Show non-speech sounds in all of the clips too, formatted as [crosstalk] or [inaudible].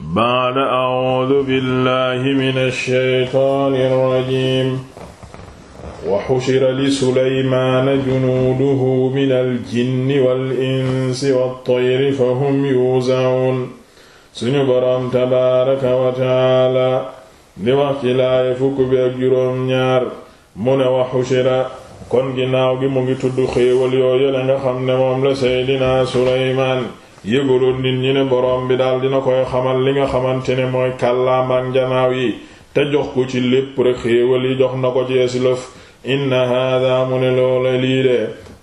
ba'da a'uudu billahi mina shaytaani rajiim wa hushira li sulaymaana junuuduhu minal jinni wal insi wat tayri fa hum yuuza'uun suñu boroom tabaaraka wa taala di wax ci laaya fukk bi ak juróom ñaar mu ne wa hushira kon ginaaw gi mu ngi tudd xéewal yooyu la nga xam ne moom la seydinaa sulaymaan yëgaloon nit ñi ne borom bi daal dina koy xaman li nga xamante ne mooy kàllaam ak njanaaw yi te jox ko ci lépp rek xéewal yi jox na ko ci esilëf inna hada mu ne loola lii de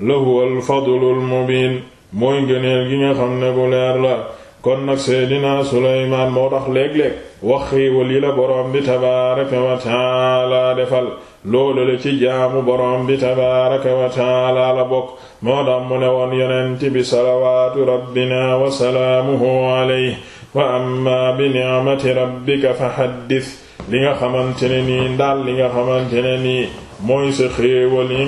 lahuwa alfadlu almubin mooy ngëneel gi nga xam ne gu leer la kon nag seydina suleymaan moo tax léeg-léeg wax xéewal yi la boroom bi tabaaraka wa taala defal loolu la ci jaamu boroom bi tabaaraka wa taala la bokk moo tax mu ne woon yonent bi salawaatu rabbina wa salaamuhu alayhi wa amma bi ni'mati rabbika fa haddith li nga xamante ne nii ndaal li nga xamante ne nii mooy sa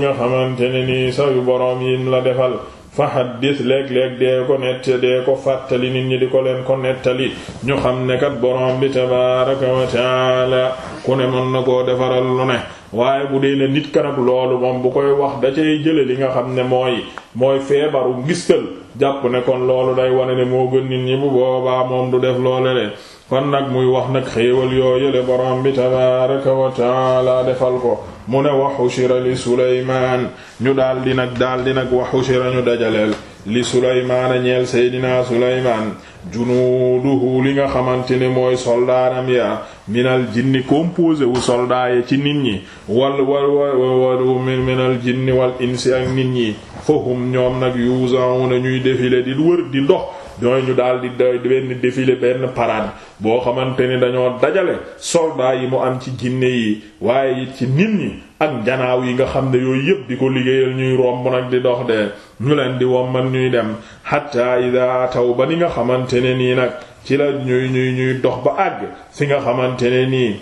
nga xamante ne nii sa yu boroom la defal fa haddis léeg-léeg dee ko nett dee ko fàttali nit ñi di ko leen ko nettali ñu xam ne kat borom bi tabaaraka wa taala ku ne mën na koo defaral lu ne waaye bu dee ne nit kanam loolu moom bu koy wax da cay jële li nga xam ne mooy mooy feebaru ngistal jàpp ne kon loolu day wane ne moo gën nit ñi bu boobaa moom du def loole de kon nag muy wax nag xéewal yooyule borom bi tabaraka wa taala defal ko mu ne wa hushira li Sulaymaan ñu daal di nag daal di nag wa hushira ñu dajaleel li Sulaymaana ñeel Seydina Sulaymaan junuuduhu li nga xamante ne mooy soldaaram ya minal jinni composé wu soldat yi ci nit ñi wal wal wal minal jinni wal insi ak nit ñi fahum ñoom nag yuzauna ñuy défilé di wër di dox ñooy ñu daal di benn défilé benn parade boo xamante ni dañoo dajale soldats yi mu am ci jinne yi waaye it ci nit ñi ak janaaw yi nga xam ne yooyu yëpp di ko liggéeyal ñuy romb nag di dox de ñu leen di womman ñuy dem hatta ida taw ba ni nga xamante ne nii nag ci la ñuy ñuy ñuy dox ba àgg fi nga xamante ne nii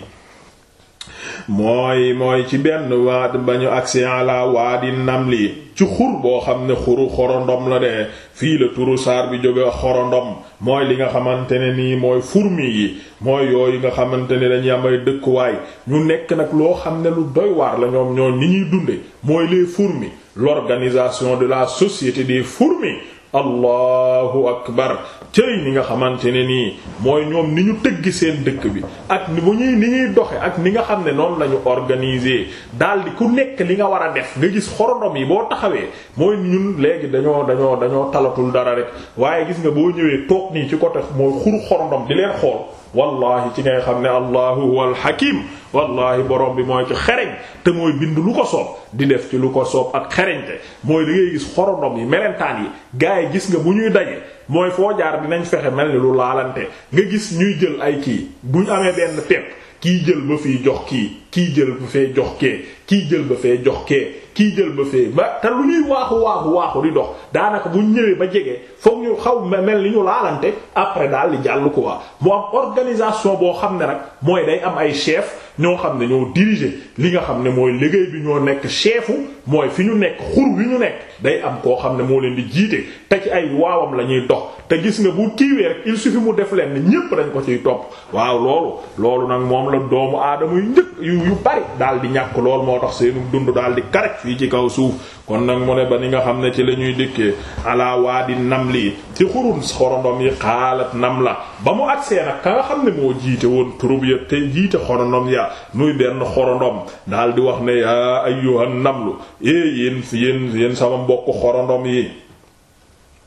mooy mooy ci benn waat bañu agsi ala waadi namli ci xur boo xam ne xuru xorondom la de fii la turu saar bi jóge xorondom mooy li nga xamante ne nii mooy fourmi yi mooy yooyu nga xamante ne dañuy am ay dëkkuwaay ñu nekk nag loo xam ne lu doy waar la ñoom ñoo ni ñuy dunde mooy les fourmis l'organisation de la société des fourmis allahu akbar cëy ni nga xamante ne nii mooy ñoom ni ñu tëgg seen dëkk bi ak ni bu ñuy ni ñuy doxe ak ni nga xam ne noonu la ñu organisé daal di ku nekk li nga war a def nga gis xorondom yi boo taxawee mooy ñun léegi dañoo dañoo dañoo talatul dara rek waaye gis nga boo ñëwee toog nii ci côté mooy xuru xorondom di leen xool wallahi ci ngay xam ne allahu huwal hakim wallahi borom bi mooy ki xereñ te mooy bind lu ko soob di def ci lu ko soob ak xereñte mooy da yi melentaan yi gars yi gis nga bu ñuy daje mooy foo jaar dinañ fexe mel laalante nga ñuy jël ay kii bu amee benn tepp kii jël ba fii jox kii kii jël ba fee jox kee jël ba fee kii jël ba ba te lu ñuy waaxu waaxu dox daanaka bu ñëwee ba jege foog ñu xaw mel ni ñu laalante après daal di jàll ko waa mu am organisation boo xam ne nag mooy day am ay chef ñoo xam ne ñoo diriger li nga xam ne mooy liggéey bi ñoo nekk chefu mooy fi ñu nekk xur wi ñu nekk day am koo xam ne moo leen di jiite te ci ay waawam la ñuy dox te gis nga bu kiiwee rek il suffit mu def leen ñépp dañ ko ciy topp waaw loolu loolu nag moom la doomu aadama yu njëkk yu yu bari daal di ñàkk lool moo tax seenu dund daal di karaj fii ci kaw suuf kon nag mu ne ba ni nga xam ne ci la ñuy dëkkee di nam lii ci xurun xorondom yi xaalat nam la ba mu agsee nag ka xam ne moo jiite woon troupe ya te jiite dara muy benn xorondom daal wax né yaa ayyuhan namlu eh, é yéen sama mbokk xorondom yi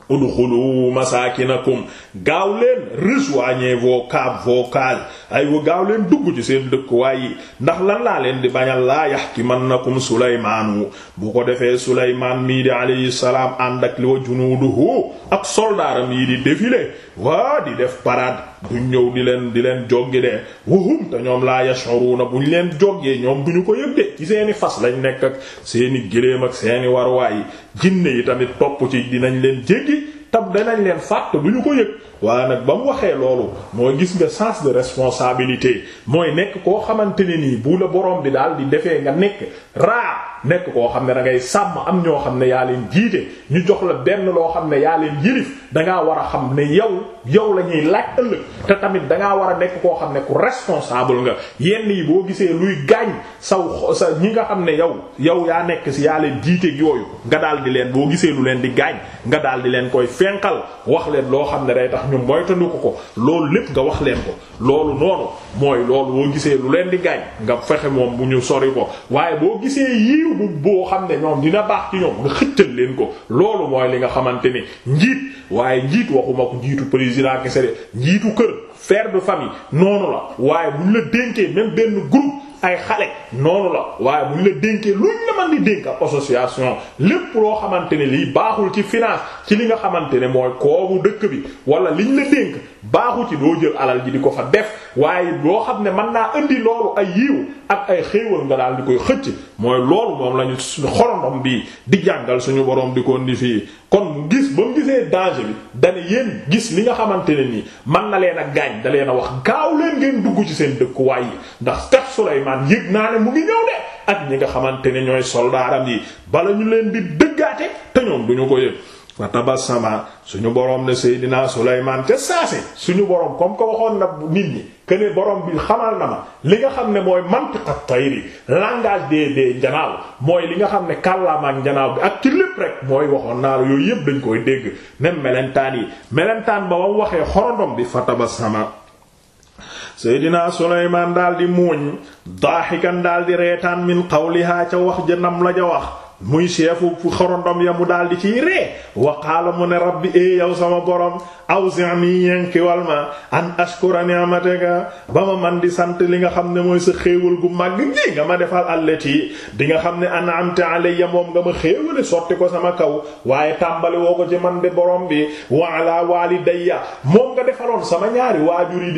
udxulu masakinakum gaaw leen rejoignez vos caves vos cases ay wa gaaw leen dugg ci seen dëkkuwaay yi ndax lan laa leen di bañal laa yahkimannakum sulaymaanu bu ko defee sulaymaan mii di alayhi salaam ànd ak li wa junuuduhu ak soldaaram yi di défilé waa di def parade duñ ñëw di leen di leen joggi de wuhum te ñoom laa yashuruna buñ leen joggee ñoom bu ñu ko yëg de ci seeni fas lañ nekk ak seeni géléem ak seeni warwaay jinne yi tamit topp ci dinañ leen jéggi tam danañ leen fàtte du ñu ko yëg waaye nag ba mu waxee loolu mooy gis nga sens de responsabilité mooy nekk koo xamante ne nii bu la borom bi daal di defee nga nekk raa nekk koo xam ne da ngay sàmm am ñoo xam ne yaa leen jiite ñu jox la benn loo xam ne yaa leen yërif dangaa war a xam ne yow yow la ñuy laaj ëllëg te tamit dangaa war a nekk koo xam ne ku responsable nga yenn yi boo gisee luy gaañ saw sa ñi nga xam ne yow yow yaa nekk ci yaa leen jiite yooyu nga daal di leen boo gisee lu leen di gaañ nga daal di leen koy fenqal wax leen loo xam ne day tax ñu moytandiku ko loolu lépp nga wax leen ko loolu noonu mooy loolu boo gisee lu leen di gaañ nga fexe moom bu ñu sori yiw bu boo xam ne ñoom dina baax ci ñoom nga xëccal leen ko loolu mooy li nga xamante ne njiit waaye njiit waxuma ko njiitu président kese de njiitu kër père de famille noonu la waaye buñ la dénkee même benn groupe ay xale noonu la waaye buñ la dénkee luñ la mën di dénk association lépp loo xamante ne liy baaxul ci finance ci li nga xamante ne mooy koomu dëkk bi wala liñ la dénk baaxu ci doo jël alal ji di ko fa def waaye loo xam ne mën naa indi loolu ay yiiw ak ay xéewal nga daal di koy xëcc mooy loolu moom lañu xorondom bi di jàngal suñu borom di ko indi fii kon mu gis ba mu gisee danger bi dane yéen gis li nga xamante ne nii mën na leen a gaañ da leen a wax gaaw leen ngeen dugg ci seen dëkkuwaay yi ndax kat Sulaymaan yëg naa ne mu ngi ñëw de ak ñi nga xamante ne ñooy soldaaram yi bala ñu leen di dëggaate te duñu ko yëg fa suñu borom ne Seydina Sulaymaan te saase suñu borom comme ko waxoon na nit ñi que ne borom bi xamal na ma li nga xam ne mooy mantiqa tayri langage des des njanaaw mooy li nga xam ne kàllaama ak njanaaw bi ak ci lépp rek mooy waxoon naa yooyu yëpp dañ koy dégg même melentaan yi melentaan ba wam waxee xorondom bi fa tabassama seydinaa Sulaymaan daal di muuñ daaxikan daal di reetaan min qawlihaa ca wax ja la ja wax muy chefu fu xorondom ya mu daal di ciy ree wa qaala mu ne rabbi e yow sama borom awzi'ni yenkiwal ma an ashkura ni'mataka ba ma man di sant li nga xam ne mooy sa xéewal gu mag gi nga ma defal allati di nga xam ne an'amta alayya moom nga ma xéewale sotti ko sama kaw waaye tàmbali ko ci borom bi wa ala walidayya moom nga defaloon sama ñaari waajur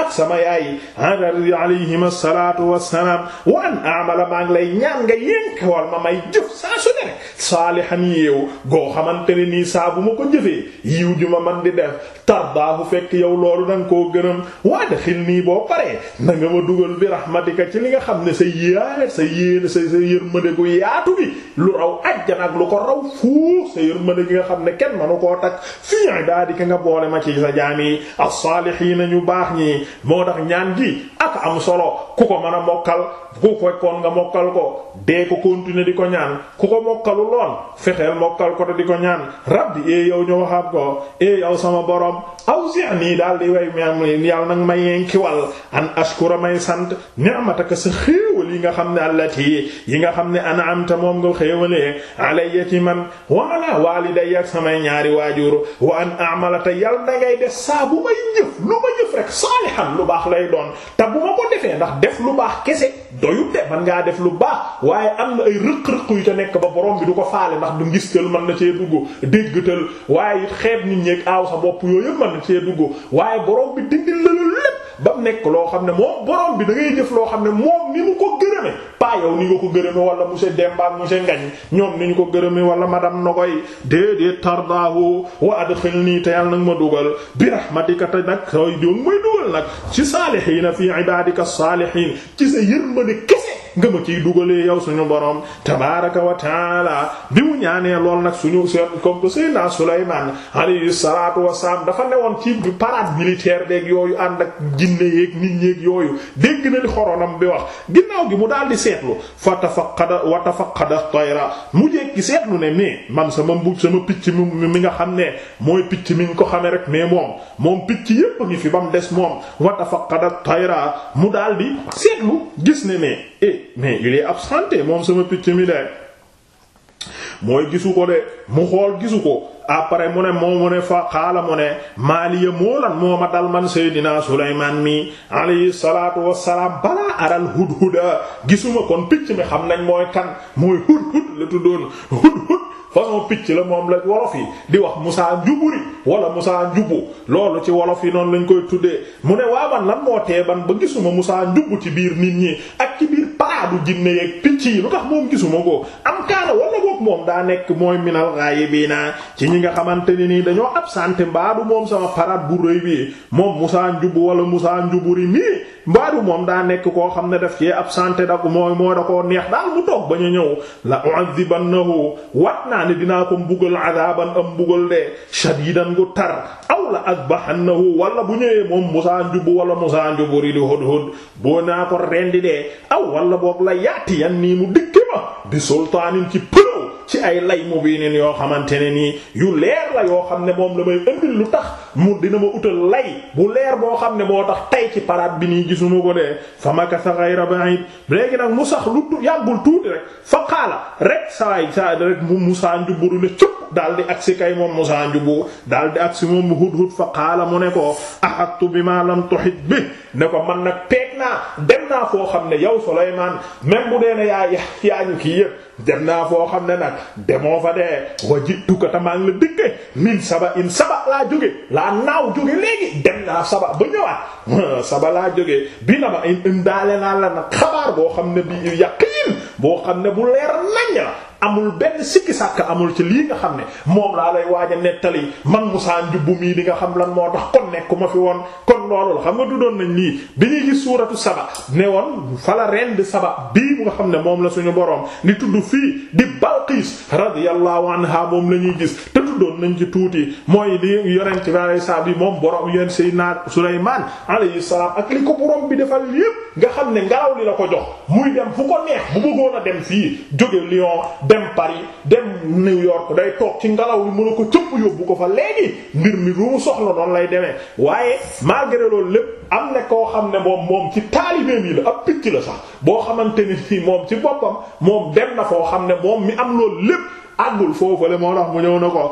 ak sama yaay alayhima salaatu wassalaam wa an a'mala maa ngi lay ñaan nga yénk wal ma may jëf saa su ne saalihan yéew goo xamante ne nii saa bu ma ko jëfee yiw ju ma man di def tardaahu fekk yow loolu da koo gërëm waa daxil nii boo paree na ma dugal bi rahmatika ci li nga xam ne sa yéene sa yéene sa sa yërmande gu yaatu bi lu raw ajjana ak lu ko raw fuuf sa yërmande nga xam ne kenn manu koo takk fii ibaadika nga boole ma ci sa jaam yi as-saalihiin ñu baax ñi moo tax ñaan gi ak am solo ku ko mën a mokkal ku ko kon nga mokkal ko dee ko continuer di ko ñaan ku ko mokkalu loon fexeel mokkal ko te di ko ñaan rabbi ee eh, yow ñu waxaat ko ee eh, yow sama borom awzi'ni daal di way ma yàlla nag ma yenkiwal an ashkura may sant ni'mataka sa xéewal yi nga xam ne allati yi nga xam ne an'amta moom nga xéewalee alayya ci man wa ala walidayya ak samay ñaari waajur wa an a'malata yàlla na ngay def saa may jëf lu ma rek saalihan lu baax lay doon te bu ma ko defee ndax def lu baax kese doyut man ngaa def lu baax waaye am na ay rëq-rëq yu ca nekk ba boroom bi du ko faale ndax du ngistal man na cee dugg déggtal waaye it xeeb nit ñeeg aaw sa bopp yooyu yëpp mën na cee dugg waaye borom bi dindil la ba mu nekk loo xam ne moom borom bi da ngay jëf loo xam ne moom ni mu ko gërëme pas yow ni nga ko gërëme wala monsieur Demba ak monsieur Ngañ ñoom ni ñu ko gërëme wala madame Nogoy déedéet tardaahu wa adkhilni te yàlla nag ma dugal bi rahmatika te nag sooy doon mooy dugal nag ci saalihiina fi ibadika saalihiin ci sa yërmande kese nga ma ciy dugalee yow suñu borom tabaaraka wa taala bi mu ñaanee lool nag suñu seen comme que Seydina Sulaymaan alayhi salaatu wa salaam dafa newoon ci parade militaire beeg yooyu ànd ak jinne yeeg nit ñeeg yooyu dégg na li xoronam bi wax ginnaaw gi mu daal di seetlu fa tafaqqada wa tafaqqada tayra mu jekki seetlu ne mais man sama mbu sama picc mi mi nga xam ne mooy picc mi nga ko xamee rek mais moom moom picc yépp ngi fi ba mu des moom wa tafaqqada tayra mu daal di seetlu gis ne mais. eh mais il est moom sama picc mi de mooy gisu ko de mu xool gisu ko après mu ne moo mu ne fa xaala mu ne maaliya moolan moo ma dal man seydinaa suleymaan mi alayhi salaatu wassalaam balaa gisuma kon picc mi xam nañ mooy kan mooy hudhud la tuddoon hudhud picc la moom la wolof yi di wax musaa njuburi wala musaa njubu loolu ci wolof yi noonu lañ koy tuddee mu ne waaban lan moo teeban ba gisuma musaa njubu ci biir nit ñi xalaatu jinne yeeg picc yi lu tax moom gisuma ko am kaana wala boog moom daa nekk mooy minal ghaibiina ci ñi nga xamante ne nii dañoo absente mbaadu moom sama paraat bu rëy bi moom Musaa Njubu wala Musaa Njuburi nii mbaadu moom daa nekk koo xam ne daf cee absente da ko mooy mooy da koo neex daal mu toog ba ñu ñëw la u'adhibannahu wat naa ne dinaa ko mbugal adaban am mbugal de shadidan gu tar aw la azbahannahu wala bu ñëwee moom musaa njubu wala musaa njubu ri di hud hud boo ko rendi dee aw wala boog la yaati yan nii mu dikki ma bi sultaanin ci përëw ci ay lay mu biinin yoo xamante ne nii yu leer la yoo xam ne moom la may ëndil lu tax mu dina ma utal lay bu leer boo xam ne moo tax tey ci paraat bi nii gisuma ko dee fa makasa ghayra ba'id léegi nag mu sax lu yàggul tuuti rek fa qaala rek saay saa rek mu Musaa Njubbu ne cëpp daal di ak si kay moom Musaa Njubbu daal di agsi moom mu Hudhud fa qaala mu ne ko ahattu bima lam tuhit bi ne ko man nag peeg naa dem naa foo xam ne yow Sulaymaan même bu dee ne yaa yaa yëpp dem naa foo xam ne nag demoo fa dee wa jiitu ko tamaa ngi la dikke min saba in saba laa jóge laa naaw jóge léegi dem naa saba ba ñëwaat [laughs] saba laa jóge bi na ma in indaale naa la nag xabaar boo xam ne bi yaqiin boo xam ne bu leer amul benn sikki sàkk amul ci lii nga xam ne moom laa lay waaj a nettali man musaan Njubbu mii di nga xam lan moo tax kon nekkuma fi woon kon loolu la xam nga du doon nañ lii bi ñuy gis suuratu saba ne woon fala ren di saba bii bu nga xam ne moom la suñu boroom ni tudd fii di Balqiis radiyallahu anha moom la ñuy gis tuddoon nañ ci tuuti mooy li yonent bi alayhi salaam bi moom borom yéen Seydina Sulaymaan alayhi salaam ak li ko borom bi defal yépp nga xam ne ngalaw li la ko jox muy dem fu ko neex bu bëggoon a dem fii jóge lion dem Paris dem New York day toog ci ngelaw li mën a ko cëpp yóbbu ko fa léegi mbir mi lu mu soxla noonu lay demee waaye malgré loolu lépp am na koo xam ne moom moom ci taalibeem yi la ab picc la sax boo xamante ni moom ci boppam moom dem na foo xam ne moom mi am loolu lépp àggul foofu le moo tax mu ñëw na ko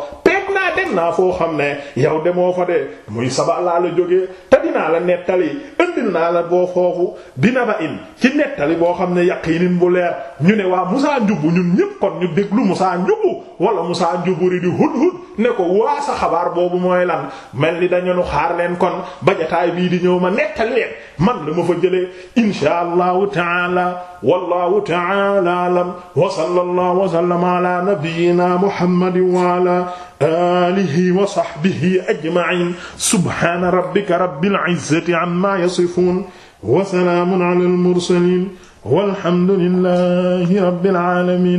dem naa foo xam ne yow demoo fa de muy saba laa la jógee te dinaa la nettali indil naa la boo foofu dina ba in ci nettali boo xam ne yaqiinin bu leer ñu ne waa Musaa Njubu ñun ñëpp kon ñu déglu Musaa Njubu wala Musaa Njuburi di hud hud ne ko waa sa xabaar boobu mooy lan mel ni dañu nu xaar leen kon ba jotaay bii di ñëw ma nettali leen man la ma fa jëlee insha allahu taala wallahu taala alam wa sallallahu wa sallama ala nabiyyina muhammadin wa alihi wa sahbihi ajma'in subhana rabbika rabbil izzati amma yasifun wa salaamun alal mursalin walhamdulillahi rabbil alamin